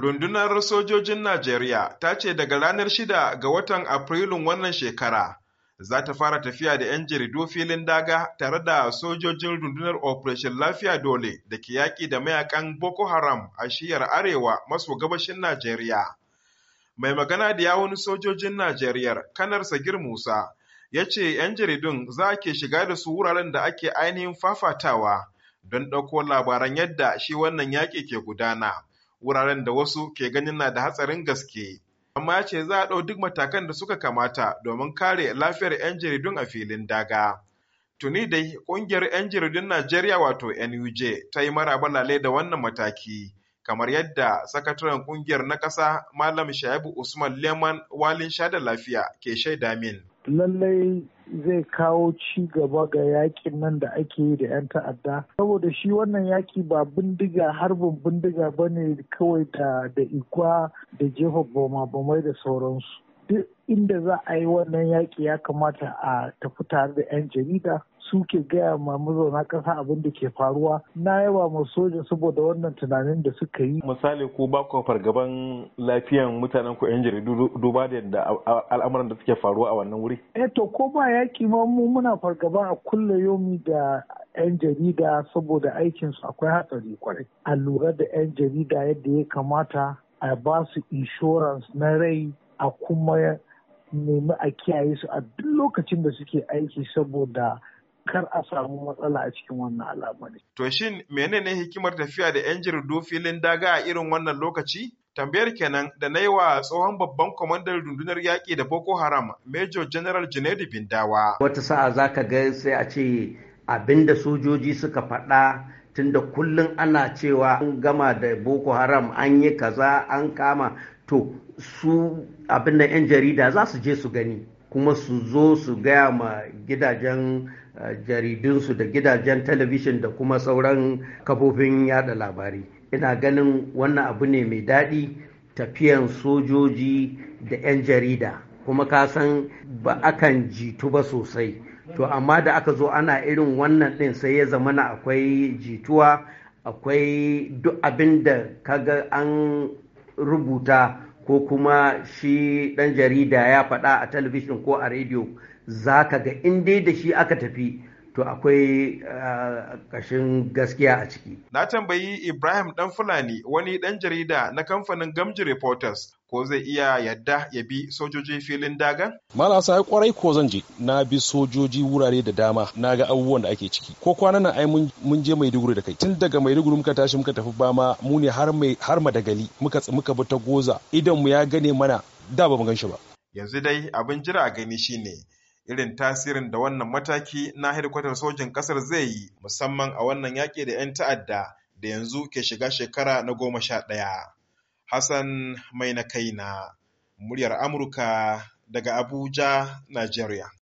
Rundunar sojojin Najeriya ta ce daga ranar shida ga watan Afrilun wannan shekara za ta fara tafiya da 'yan jaridu filin daga tare da sojojin rundunar Operation Lafiya Dole da ke yaƙi da mayakan Boko Haram a shiyar Arewa maso gabashin Najeriya. Mai magana da yawun sojojin Najeriya, Kanar Sagir Musa, ya ce 'yan jaridun za a ke shiga da su wuraren da ake ainihin fafatawa don ɗauko labaran yadda shi wannan yaƙi ke gudana. wuraren da wasu ke ganin na da hatsarin gaske. Amma ya ce za a ɗau duk matakan da suka kamata domin kare lafiyar 'yan jaridun a filin daga. Tuni dai ƙungiyar 'yan jaridun Najeriya wato NUJ ta yi maraba lale da wannan mataki. kamar yadda sakataren ƙungiyar na ƙasa malam shaibu usman leman walin shada lafiya ke shaida min lallai zai kawo ci gaba ga yakin nan da ake yi da 'yan ta'adda saboda shi wannan yaki ba bindiga harbin bindiga ba ne kawai da ikwa da jefa boma bamai da sauransu duk inda za a yi wannan yaƙi ya kamata a tafi tare da 'yan jarida suke gaya ma mazauna ƙasa abin da ke faruwa na yawa ma soja saboda wannan tunanin da suka yi. Misali ko ba ku fargaban lafiyan mutanen ku 'yan jaridu duba da yadda al'amuran da suke faruwa a wannan wuri? Eh to ko ba yaƙi ma mu muna fargaba a kulle yomi da 'yan jarida saboda aikinsu akwai hatsari kwarai. A lura da 'yan jarida yadda ya kamata a ba su insurance na rai a kuma nemi a kiyaye su a duk lokacin da suke aiki saboda kar a samu matsala a cikin wannan al'amari. To shin menene hikimar tafiya da 'yan jirdo filin daga a irin wannan lokaci? Tambayar kenan da na yi wa tsohon babban kwamandan rundunar yaƙi da Boko Haram, Major General Junaidu Bindawa. Wata sa'a za ka ga sai a ce abinda sojoji suka faɗa tunda kullum ana cewa an gama da Boko Haram an yi kaza an kama to su abin da 'yan jarida za su je su gani kuma su zo su gaya ma gidajen eh, jaridunsu da gidajen talabishin da kuma sauran kafofin yada labari ina ganin wannan abu ne mai daɗi tafiyan sojoji da 'yan jarida kuma ka san ba akan jitu ba sosai to amma da aka zo ana irin wannan ɗin sai ya zamana akwai jituwa akwai duk abin da kaga an rubuta ko kuma shi ɗan jarida ya faɗa a talabijin ko a rediyo za ka ga inda da shi aka tafi to akwai ƙashin ah, gaskiya a ciki. Na tambayi Ibrahim Dan Fulani wani ɗan jarida na kamfanin Gamji Reporters ko zai iya yadda ya bi sojoji filin dagan? Mala sai kwarai ko zan je na bi sojoji wurare da dama na ga abubuwan da ake ciki ko kwana na ai mun je Maiduguri da kai tun daga Maiduguri muka tashi muka tafi bama mu ne har mai har muka muka bi ta goza idan mu ya gane mana da ba mu gan shi ba. Yanzu dai abin jira gani shine irin tasirin da wannan mataki na hedikwatar sojin ƙasar zai yi musamman a wannan yaƙi da 'yan ta'adda da yanzu ke shiga shekara na goma sha ɗaya. Hassan mai na kaina, muryar Amurka daga Abuja, Najeriya.